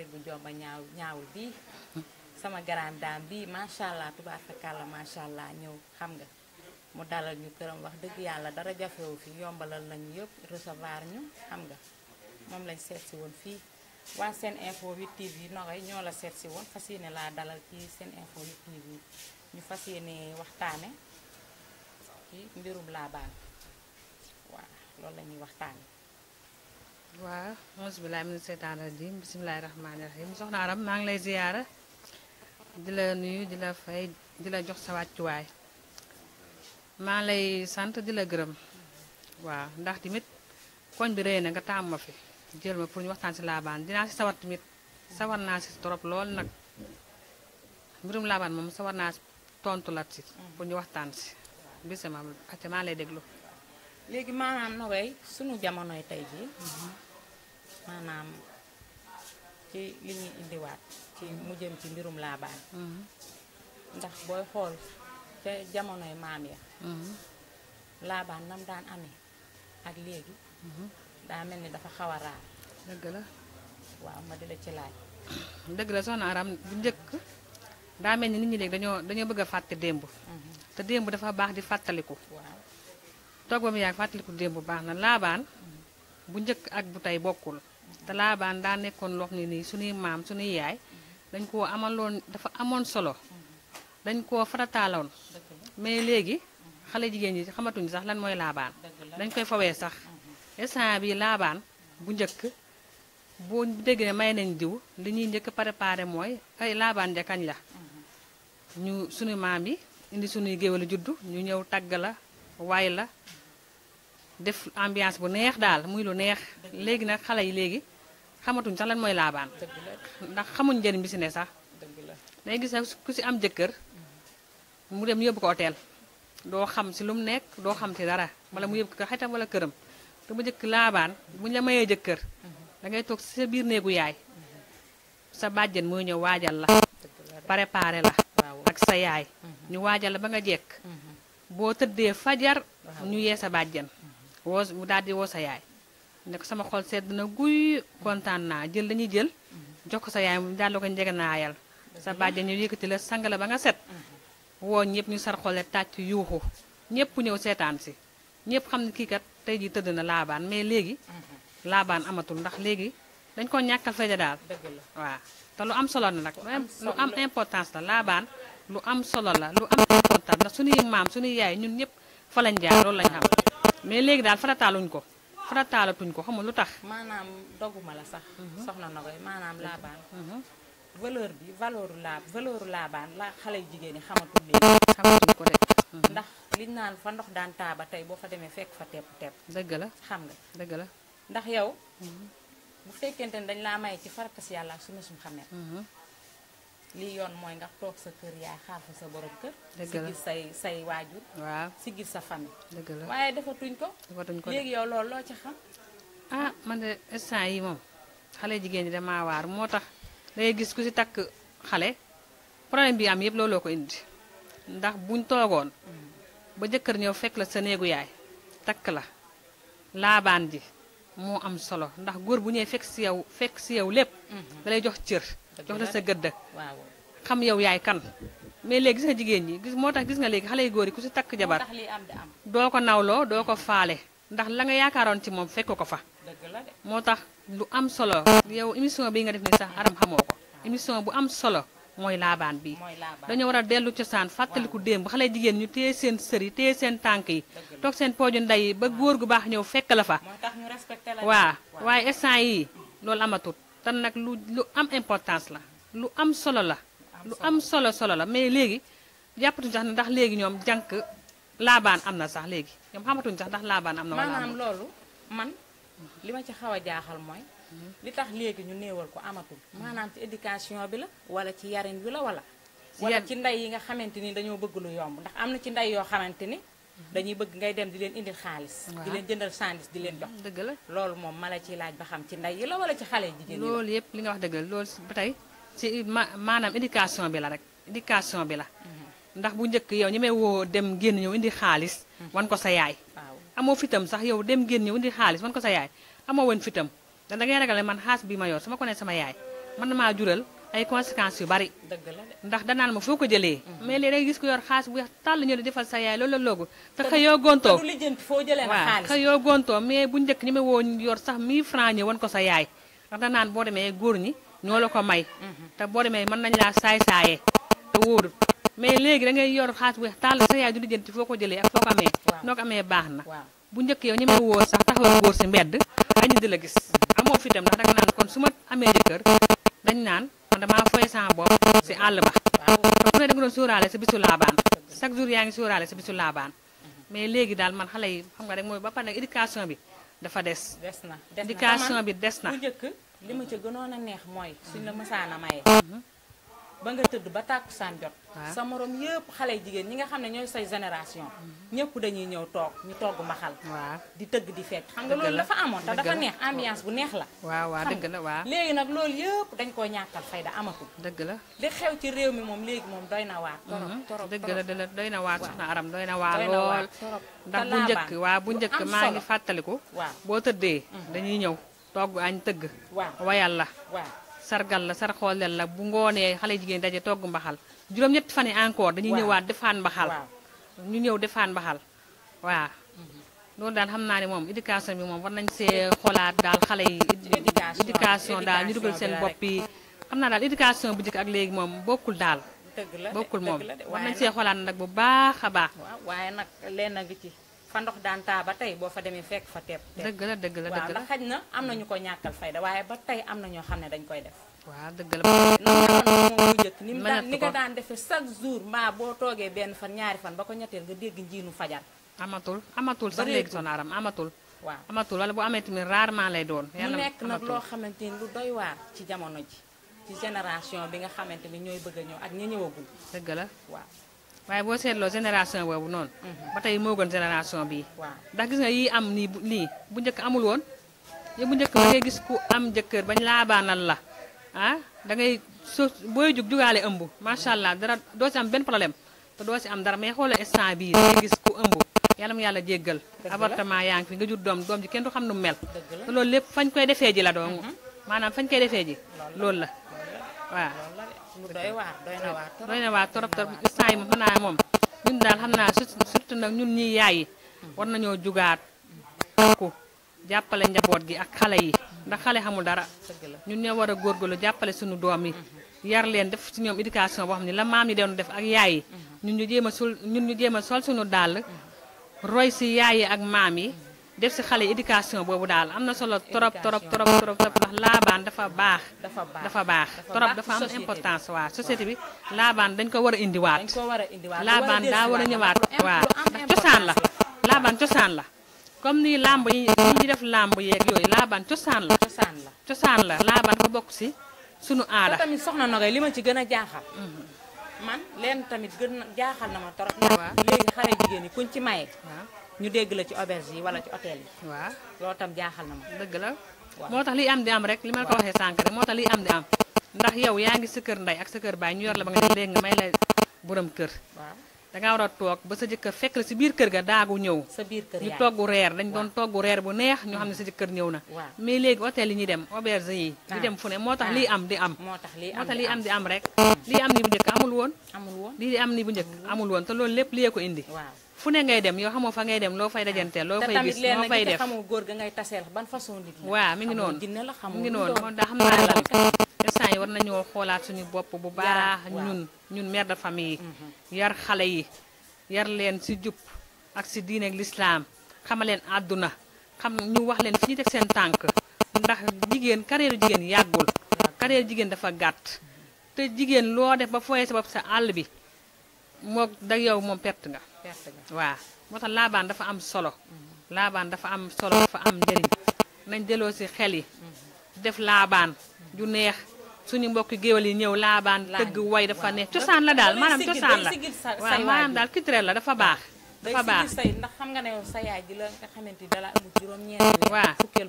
xarit bu jomba ñaaw ñaawul bi sama garaam daam bii macha allah tubaab fakàlla macha allah ñëw xam nga mu dalal ñu këram wax dëgg yàlla dara jafewu fi yombalal nañu yëpp recevoir ñu xam nga moom lañ seet si woon fii waa seen info 8 TV nogoy ñoo la seet si woon fas yéene laa dalal ci seen info 8 TV ñu fas yéene waxtaane ci mbirum laabaan waaw loolu la ñuy waxtaane waaw auzu billaahi mina seytaani rajiim bismillaahi rahmaani mu soxna Aram maa ngi lay ziyaara di la nuyu di la fay di la jox sa wàccuwaay maa lay sant di la gërëm waaw ndax tamit koñ bi rëy na nga taamu ma fi jël ma pour ñu waxtaan si laabaan dinaa si sawar tamit sawar naa si trop lool nag mbirum laabaan moom sawar naa tontu lat si mm-hmm. pour ñu waxtaan si bisimilah maa lay déglu. léegi maanaam Nogaye sunu jamonoy tey jii maanaam ci li ñuy indiwaat ci mu jëm ci mbirum laabaan mm-hmm. ndax booy xool ca jamonoy maam ya mm-hmm. laabaan nam daan amee ak léegi mm-hmm. daa mel ni dafa xaw a dëgg la waaw ma di la ci laaj dëgg la soxna Aram bu njëkk daa mel ni nit ñi léegi dañoo dañoo bëgg a fàtte démb te démb dafa baax di fàttaliku waaw toog ba mu yàgg fàttaliku démb bu baax na laabaan bu njëkk ak bu tey bokkul te laabaan daa nekkoon loo ni nii suñuy maam suñuy yaay dañ koo amaloon dafa amoon solo dañ koo farataaloon mais léegi xale jigéen ñi xamatuñ sax lan mooy laabaan dañ koy fawee sax instant bi laabaan bu njëkk boo déggee ne may nañ diw li ñuy njëkk préparé mooy ay laabaan ja la ñu sunu maam yi indi sunuy géwél juddu ñu ñëw tàgg la waay la def ambiance bu neex daal muy lu neex léegi nag xale yi léegi xamatuñ sax lan mooy laabaan ndax xamuñ njëriñ bi si ne sax day gis ku si am jëkkër mu dem yóbbu ko hôtel doo xam si lu mu nekk doo xam si dara wala mu yóbbu ko xetam wala këram te bu njëkk laabaan buñ la mayee jëkkër dangay toog si sa biir néegu yaay sa bàjjen mooy ñëw waajal la préparé la ak sa yaay ñu waajal la ba nga jekk mhm. boo tëddee fajar ñu yee sa bàjjen woo daal di woo sa yaay ne ko sama xol sedd na guy kontaan naa jël lañuy jël jox ko sa yaay mu daal la ko njege naayal sa bàjjen ñu yëkkati la sang la ba nga set woo ñëpp ñu sar xole tàcc yuuxu ñëpp ñëw seetaan si ñëpp xam ne kii kat tey ji tëdd na laabaan mais léegi laabaan amatul ndax léegi dañ ko ñàkkal fayda daal waaw te lu am solo la nag lu am importance la laabaan lu am solo la lu am importance ndax suñuy maam suñuy yaay ñun ñëpp fa lañ mais léegi daal farataaluñ ko farataalatuñ ko xamul lu tax. maanaam doguma la sax. Mhm. soxna Nogaye maanaam mhm. laabaan. Mhm. valeur bi valeur la valeur laabaan laa xale yu jigéen ñi xamatul léegi xamatuñ ko rek. ndax liñ naan fa ndox daan taaba tey boo fa demee fekk fa tepp tepp. dëgg la xam nga dëgg la ndax yow. bu fekkente ne dañ laa may ci farakas yàlla ak sunu suñu xamee. li yoon mooy nga toog sa kër yaay xaar fa sa borom kër. si gis say say waajur. waaw si gis sa famille. dëgg la waaye defatuñ ko. defatuñ ko léegi yow loolu loo ci xam. ah man de instant yi moom xale jigéen ñi damaa waar moo tax dangay gis ku si takk xale problème bi am yëpp looloo ko indi ndax buñ toogoon ba jëkkër ñëw fekk la sa néegu yaay takk la laabaan ji moo am solo ndax góor bu ñëwee fekk si yow fekk si yow lépp. Mhm. da jox cër. jox la sa gëdd waaw xam yow yaay kan mais léegi gis nga jigéen ñi moo tax gis nga léegi xale yu góor yi ku si takk jabar doo ko nawloo doo ko faale ndax la nga yaakaaroon ci moom fekk ko fa moo tax lu am solo yow émission bi nga def ni sax aram xamoo ko émission bu am solo mooy laabaan bi dañoo war a dellu cosaan fàttaliku démb xale jigéen ñu téye seen sër yi téye seen tànk yi toog seen pooju ndey yi ba góor gu baax ñëw fekk la fa waa waaye instant yii loolu amatut tan nag lu lu am importance la lu am solo la lu am solo solo la mais léegi jàppatuñ sax ndax léegi ñoom jànk laabaan am na sax léegi ñoom xamatuñ sax ndax laabaan am na wala maanaam loolu man mhm. li ma ci xaw a jaaxal mooy mhm. li tax léegi ñu néewal ko amatul mhm. maanaam ci éducation bi la wala ci yarin bi la wala wala ci ndey yi nga xamante ni dañoo bëgg lu yomb ndax am na ci ndey yoo xamante ni dañuy bëgg ngay dem di leen indil xaalis di leen jëndal sandis di leen jox dëgg la loolu moom ma la ciy laaj ba xam ci ndey yi la wala ci xale jigéen yi loolu yëpp li nga wax dëgg la loolu ba tey ci maanaam éducation bi la rek éducation bi la mhm. ndax bu njëkk yow ñi may woo dem génn ñëw indi xaalis mhm. wan ko sa yaay amoo fitam sax yow dem génn ñëw indi xaalis wan ko sa yaay amoo woon fitam da ngay ragal man xaalis bi ma yor su ma ko ne sama yaay man maa jural ay conséquences yu bari. ndax danaan ma foo ko jëlee. mais léegi day gis ko yor xaalis bu weex tàll ñu di defal sa yaay la loogu. te xëyoo gontoo te du lijjanti foo jëlee na xaalis mais bu njëkk ñi ma woo yor sax 1000 francs ñëwoon ko sa yaay ndax danaan boo demee góor ñi ñoo la ko may. Mhm. te boo demee mën nañ laa saay saaye te wóorul mais léegi da ngay yor xaalis bu weex tàll sa yaay du foo ko jëlee ak foo ko amee. noo ko amee baax na. bu njëkk yow ñi may woo sax taxawal góor si mbedd añu di la gis mhm. amoo fi dem ndax danga naan kon su ma amee jëkkër dañ naan man damaa foye sama bopp si àll ba ku ne da doon sóoraale sa bisu laabaan chaque jour yaa ngi sóoraale sa bisu laabaan mais léegi daal man xale yi xam nga rek mooy ba par nag éducation bi dafa des des na éducation bi des na bu li ma ca gënoon a neex mooy suñ la mësaan a maye mhm. ba nga tëdd ba tàkkusaan jot ah. sa morom yëpp xale jigéen ñi nga xam ne ñooy say génération mm-hmm. ñëpp dañuy ñëw toog ñu togg mbaxal waaw di tëgg di fekk xam nga loolu dafa amoon te dafa bu neex la waaw waaw la waaw léegi nag loolu yëpp dañ koo ñàkkal fayda amatul dëgg la li xew ci réew mi moom léegi moom doy na waar torop mm-hmm. dëgg la dëgg la doy na waar soxna aram doy na waa lool ndax bu njëkk waa bu njëkk maa ngi fàttaliku waaw boo tëddee mm-hmm. dañuy ñëw togg añ tëgg waaw wayal la sargal la sar xoolel la bu ngoonee xale jigéen daje togg mbaxal juróom-ñetti fan yi encore dañuy ñëwaat defaan mbaxal ñu ñëw defaan mbaxal waa loolu daal xam naa ne moom éducation bi moom war nañ see xolaat daal xale yi éducation daal ñu dugal seen bopp yi xam naa daal éducation bu njëkk ak léegi moom bokkul daal bokkul moom war nañ see xoolaat nag bu baax a baax waaye nag leen a ngi ci fa ndox daan taa ba tey boo fa demee fekk fa teeb. dëgg la dëgg la dëgg la waaw ndax xaj na am na ñu ko ñàkkal fayda waaye ba tey am na ñoo xam ne dañ koy def. waaw dëgg la. moom njëkk ni mu daan ni nga daan defee chaque jour mbaa boo toogee fan ñaari fan ba ko ñetteel nga dégg njiinu fajar. amatul amatul sax léegi sonaaram amatul. waaw amatul wala bu amee tamit rarement lay doon. yàlla mu nekk nag loo xamante ni lu doy waar ci jamono ji. ci génération bi nga xamante ni ñooy bëgg a ñëw ak ña ñëwagul. dëgg la waaw. waaye boo seetloo génération boobu noonu. Mhm. ba tey moo gën génération bi ndax gis nga yi am nii bu lii bu njëkk amul woon yow bu njëkk ba ngay gis ku am jëkkër bañ laabaanal la ah da ngay so booy jug jugaale ëmb macha allah dara doo si am benn problème te doo si am dara mais xoola instant bi da ngay gis ku ëmb yàlla mu yàlla jéggal. avortement yaa ngi fi nga jur doom doom ji kenn du xam nu mel. te loolu lépp fañ koy defee ji la doomu mhm. maanaam fañ koy defee ji. loolu la lu doy waar doy na waar na waar trop trop instant yi moom xanaa moom ñun daal xam naa surtout nag ñun ñi yaay yi war nañoo jugaat ku jàppale njaboot gi ak xale yi ndax xale xamul dara ñun ñoo war a góorgóorlu jàppale suñu doom yi yar leen def ci ñoom éducation boo xam ne la maam yi doon def ak yaay yi ñun ñu jéem a sol suñu dàll roy si yaay yi ak maam yi def si xale éducation boobu daal am na solo trop trop trop trop ndax laabaan dafa baax. dafa baax dafa baax trop dafa am importance waa société bi laabaan dañ ko war a indiwaat. dañ ko war a indiwaat laabaan daa war a ñëwaat. waa ndax cosaan la laabaan cosaan la. comme ni làmb yi ñuy def làmb yeeg yooyu laabaan cosaan la. cosaan la cosaan laabaan dafa bokk si sunu aada. te tamit soxna li ma ci gën a jaaxal. Mm-hmm. man leen tamit gën a jaaxal na ma trop. waaw léegi xale jigéen ñi kuñ ci maye. ñu dégg la ci auberge yi wala ci hôtel yi. waaw loolu tam jaaxal na ma. dëgg la moo tax liy am di am rek li ma la ko moo tax liy am di am ndax yow yaa ngi sa kër ndey ak sa kër baay ñu yor la ba nga ne léegi may la borom kër. waaw dangaa war a toog ba sa jëkkër fekk la biir kër ga daagu ñëw. sa biir kër ñu togg reer dañ doon togg reer bu neex ñu xam ne sa jëkkër ñëw na. mais léegi hôtel ñuy dem auberge yi. di ah. dem fu ne moo tax liy am di am. moo tax liy am di am rek. lii am ni bu njëkk amul woon. amul woon lii am ni bu njëkk amul te loolu lépp lii ko indi. waaw fu ne ngay dem yoo xamoo fa ngay dem loo fay dajanteel loo fay gis loo fay def xamoo góor ga ngay taseel ban façon nit la waaw mi ngi noonu mi ngi noonu moom daa xam naa la instant yi war nañoo xoolaat suñu bopp bu baax ñun ñun mère de famille yi mhm. yar xale yi yar leen si jub ak si diine ak lislaam leen àdduna xam ñu wax leen fi ñu teg seen tànk ndax jigéen carrière jigéen yàggul carrière jigéen dafa gàtt te jigéen loo def ba fooyee sabab sa àll bi moo da yow moom perte nga waaw moo tax laabaan dafa am solo mm-hmm. laabaan dafa am solo dafa am njëriñ nañ delloo si xel yi mm-hmm. def laabaan ju mm-hmm. neex suñu mbokki géwél yi ñëw laabaan tëgg way dafa neex cosaan la daal maanaam cosaan la waaw maanaam daal culturel la dafa baax dafa baax ndax xam nga ne sa yaay ji la nga xamante dala am juróom ñeent waaw fukkeel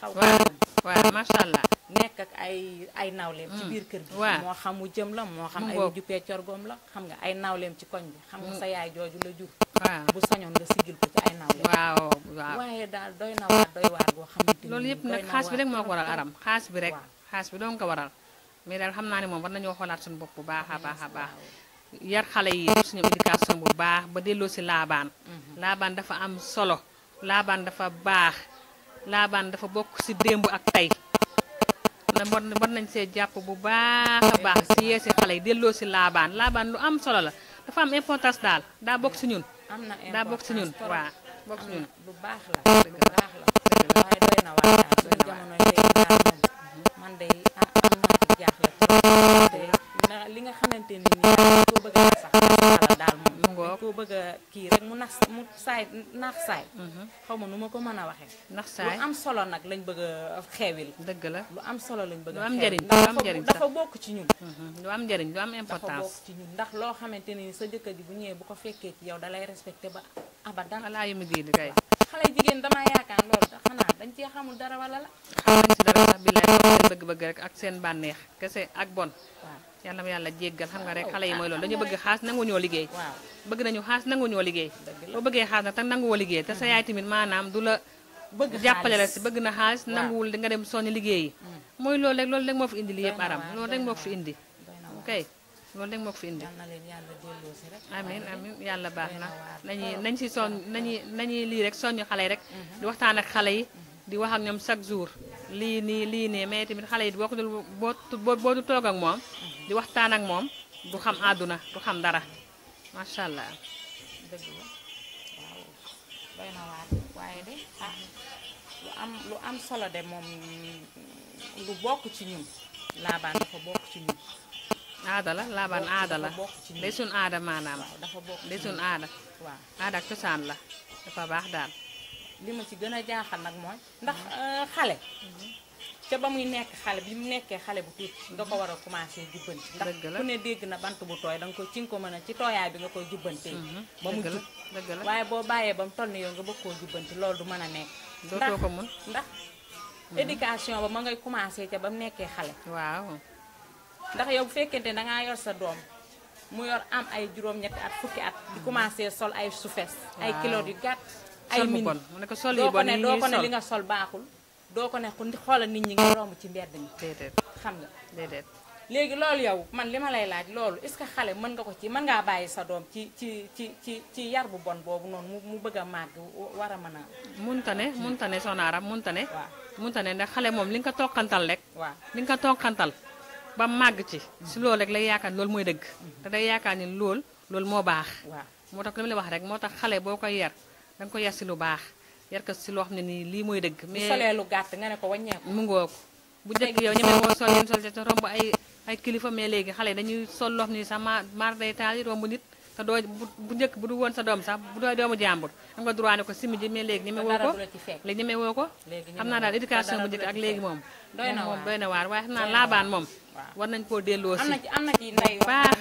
xaw waaw waaw macha allah. nekk ak ay ay nawleem ci mm, biir kër gi moo xam mu jëm la moo xam ay mujju peccorgoom la xam nga ay nawleem ci koñ bi xam nga mm. sa yaay jooju la jur waaw bu sañoon nga sigil ko ci ay nawleem waaw waaye daal doy na waar doy waar boo xam ne loolu yëpp nag xaas bi rek moo ko waral aram xaas bi rek xaas bi doo ko waral mais daal xam naa ne moom war nañoo xoolaat suñu bopp bu baax a baax a baax yar xale yi suñu éducation bu baax ba delloo si laabaan mm-hmm. laabaan dafa am solo laabaan dafa baax laabaan dafa bokk ci démb ak tey na mën nañ see jàpp bu baax a baax ci yee si xale yi delloo si laabaan laabaan lu am solo la dafa am importance daal daa bokk si ñun. am na importance daa bokk si ñun lu baax la lu baax na waar daal suñu jamono tey daal moom man mu ngoog mu saay naax saay. xaw nu ma ko mën a waxee. ndax saay lu am solo nag lañ bëgg a xeewil. dëgg la lu am solo lañ bëgg a. lu am njëriñ lu am njëriñ dafa bokk ci ñun. Mhm. lu am njëriñ lu am importance dafa bokk ci ñun ndax loo xamante ni sa jëkkër ji bu ñëwee bu ko fekkee ci yow dalay respecté ba abadan. alaa yu mu diini kay. xale jigéen damaa yaakaar loolu sax xanaa dañ cee xamul dara wala la. xamuñ si dara sax billaay seen bëgg-bëgg rek ak seen bànneex kese ak bon. waaw yàlla na yàlla jéggal xam nga rek oh, xale yi mooy loolu dañu bëgg xaas nangu ñoo liggéey. waaw bëgg nañu xaas liggéey. boo bëggee xaas nag te liggéey te sa mm-hmm. yaay tamit maanaam du la. bëgg jàppale bëgg na xaalis nanguwul nga dem soññ liggéey mm. mooy loolu rek loolu rek moo fi indi li yëpp aram loolu rek moo ko fi indi kay loolu léegi moo ko fi indi. amiin amiin yàlla baax na nañuy nañ si soñ nañuy nañuy lii rek soññu xale yi rek. Mm-hmm. di waxtaan ak xale yi. Mm-hmm. di wax ak ñoom chaque jour lii nii lii nee mais tamit xale yi di bokk dul boo boo du toog ak moom. Mm-hmm. di waxtaan ak moom du xam àdduna du xam dara macha allah. waaye de ah lu am solo de moom lu bokk ci ñun laabaan dafa bokk ci ñun. aada la laabaan aada la day suñ aada maanaam de suñ aada waaw aada ak cosaan la dafa baax daal li ma ci gën a jaaxal nag mooy ndax euh, xale mhm. ca ba muy nekk xale bi mu nekkee xale bu tuuti nga ko mhm. war a commencé jubbanti ndax ku ne dégg na bant bu tooy danga ko ci nga ko mën a ci tooyaay bi nga koy jubbante mhm. ba mu jub waaye boo bàyyee mu toll ni yow nga bëgg koo jubbanti loolu du mën a nekk dootoo ko mun ndax éducation ba ma ngay commencé ca ba mu nekkee xale waaw ndax yow bu fekkente da ngaa yor sa doom mu yor am ay juróom-ñetti at fukki at di commencé sol ay sufees ay kiloot yu gàtt ay min doo ko ne doo ko ne li nga sol baaxul doo ko ne xoolal nit ñi nga romb ci mbedd mi xam na déedéet léegi loolu yow man li ma lay laaj loolu est-ce que xale mën nga ko ci mën ngaa bàyyi sa doom ci ci ci ci ci yar bu bon boobu noonu mu bëgg a màgg war a mën a. munta ne munta ne soxna Aram munta ne. waaw munta ne ndax xale moom li nga ko toqantal rek. waaw ba màgg ci si loolu rek lay yaakaar loolu mooy dëgg te day yaakaar ni loolu loolu moo baax moo tax li la wax moo tax xale boo koy yar da nga koy yar si lu si loo xam ne nii lii mooy dëgg mais solee lu gàtt ne ko wàññeeku mu ngoog bu njëkk yow ñeme woo sol yéen sol te romb ay ay kilifa mais léegi xale dañuy sol loo xam ne sax maar day taal yi bu njëkk bu du woon sa doom sax bu doo doomu jàmbur am nga droit ne ko simi ji mais léegi ñeme woo ko léegi ñeme woo ko xam naa daal éducation bu njëkk ak na waar waaye xam naa laabaan moom war nañ koo delloo si am na ci am a baax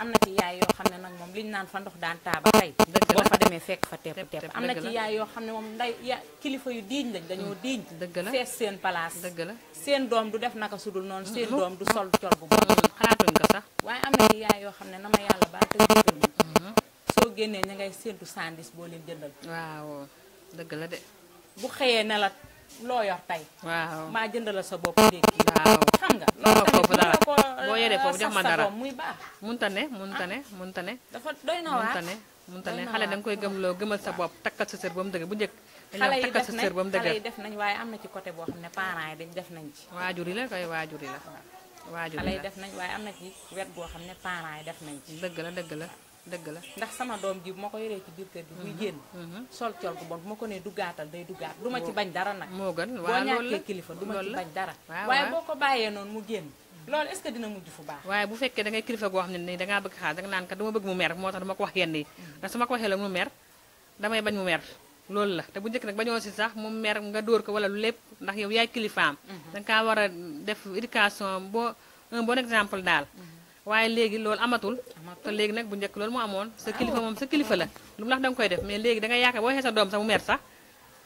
am na ci yaay yoo xam ne nag moom liñ naan fa ndox daan taaba tey boo fa fekk fa tepp tepp am na yoo xam ne moom nday ya kilifa yu diiñ lañ dañoo mm, diiñ dëgg la seen place dëgg la seen doom du def naka sudul noonu seen mm-hmm. doom du sol col bu bu mm, xalaatuñ ko sax waaye am na ci yaay yoo xam ne na ma yàlla baal te jëkkër ma soo génnee ña ngay séentu sandis boo leen jëndal waaw dëgg la de bu xëyee ne la loo yor tey waaw jënd jëndal sa bopp dégg waaw xam nga boo yoree foofu jox ma ah, dara munta ne munta ne ah, munta ne dafa doy na waar munta ne munta ne xale da nga koy gëmloo gëmal sa bopp takkal sa sër ba mu dëgër bu njëkk xale yi def nañ xale yi def nañ waaye am na ci côté boo xam ne parents yi dañ def nañ ci waajur yi la koy waajur yi la ah. waajur xale yi am na ci wet goo xam ne parents yi def nañ ci dëgg la dëgg la dëgg la ndax sama doom ji bu ma ko yoree ci biir kër gi buy mhm, génn mhm. sol col gu bon bu ma ko nee duggaatal day duggaat du ma ci bañ dara nag moo gën waaw loolu la boo ñàkkee du ma ci bañ dara waaye boo ko bàyyee noonu mu génn loolu est-ce que dina mujj waaye bu fekkee da ngay kilifa goo xam ne nii dangaa bëgg xaalis danga naan kat dama bëgg mu mer moo tax dama ko wax yenn yi mm. ndax su ma ko waxee loolu la te bu njëkk nag bañoo si sax mu mer nga dóor ko wala lépp ndax yow yaay kilifaam mm-hmm. danga kaa war def éducation boo un exemple daal mm-hmm. waaye léegi loolu amatul te léegi nag bu njëkk loolu mu amoon sa ah, kilifa moom sa kilifa la lu mu lax da koy def mais léegi da nga yaakaar boo xee sa doom sax mu mer sax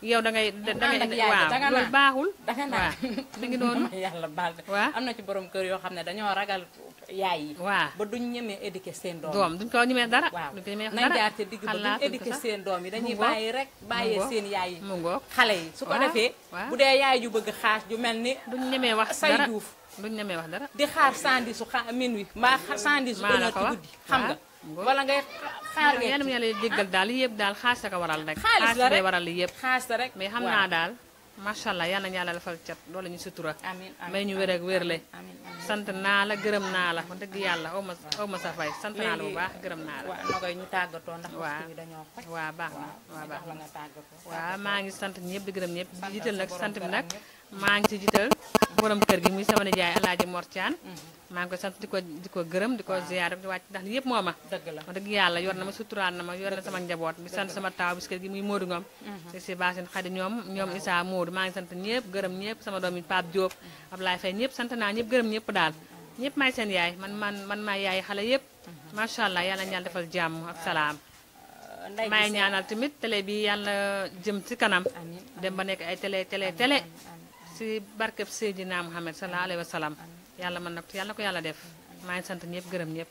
yow da ngay da ngay waaw loolu baaxul. danga naan mi ngi noonu yàlla baal waaw am na ci borom kër yoo xam ne dañoo ragal yaay yi. waaw ba duñ ñemee éduquer seen doom. doom duñ ko ñemee dara. waaw duñ ko ñemee dara nañ jaar ca digg seen doom yi dañuy bàyyi rek bàyyee seen yaay yi. mu ngoog xale yi su ko defee. bu dee yaay ju bëgg xaas ju mel ni. duñ ñemee wax dara say juuf. duñ ñemee wax dara. di xaar sandi su xa min wi mbaa sandi su. maa la ko wax xam nga wala ngay xaar ngeen a yàlla jéggal daal li yëpp daal xaalis la ko waral rek. xaalis la rek rek mais xam naa daal. macha allah yal na yàlla defal cat loolu ñu sutura. amiin amiin may ñu wér ak wér sant naa la gërëm naa la wax dëgg yàlla aw ma aw ma sa fay bu baax gërëm naa la. tàggatoo ndax waxtu bi dañoo xoj. waaw na waaw maa ngi sant ñëpp di gërëm ñëpp di jiital nag sant bi nag. maa ngi si jiital borom kër gi sama nijaay Alaaji Mor maa ngi koy sant di ko di ko gërëm di ko ziyaar di wàcc ndax yëpp moo ma wax dëgg yàlla yor na ma suturaal na ma yor na sama njaboot bi sant sama taaw bis kër gi muy Modou Ngom mhm. si si baasin xadi ñoom ñoom Issa Modou maa ngi sant ñëpp gërëm ñëpp sama doom yi Pape Diop Ablaye Faye ñëpp sant naa ñëpp gërëm ñëpp daal ñëpp maay seen yaay man man man maay yaay xale yëpp mhm. macha allah yàlla ñaan defal jàmm ak salaam euh, maay ñaanal tamit télé bi yàlla jëm ci kanam dem ba nekk ay télé télé télé si barkeb Seydina Muhammad sallallahu alayhi wa salaam yàlla mën na ko yàlla ko yàlla def maa ngi sant ñëpp gërëm ñëpp.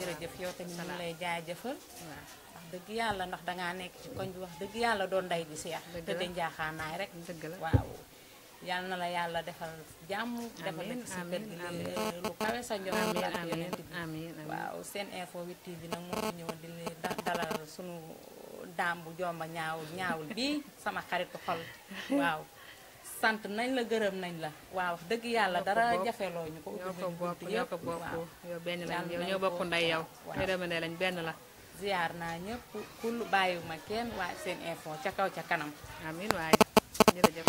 jërëjëf yow tamit ñu lay jaajëfal. wax dëgg yàlla ndax dangaa nekk ci koñ wax dëgg yàlla doon nday di seex. dëgg rek. dëgg la na la yàlla defal jàmm. defal la ci kër gi lu kawe sa njort ak seen info 8 TV nag moo fi ñëwoon di jomba ñaawul ñaawul bii sama xaritu xol waaw. sant nañ la gërëm nañ la waaw dëgg yàlla dara jafeloo ñu ko ñoo ko bokk ñoo ko bokk yow benn lañ yow bokk nday yow yërëmande lañ benn la ziyaar naa ñëpp ku bàyyiwuma kenn waa seen info ca kaw ca kanam amin waaye jërëjëf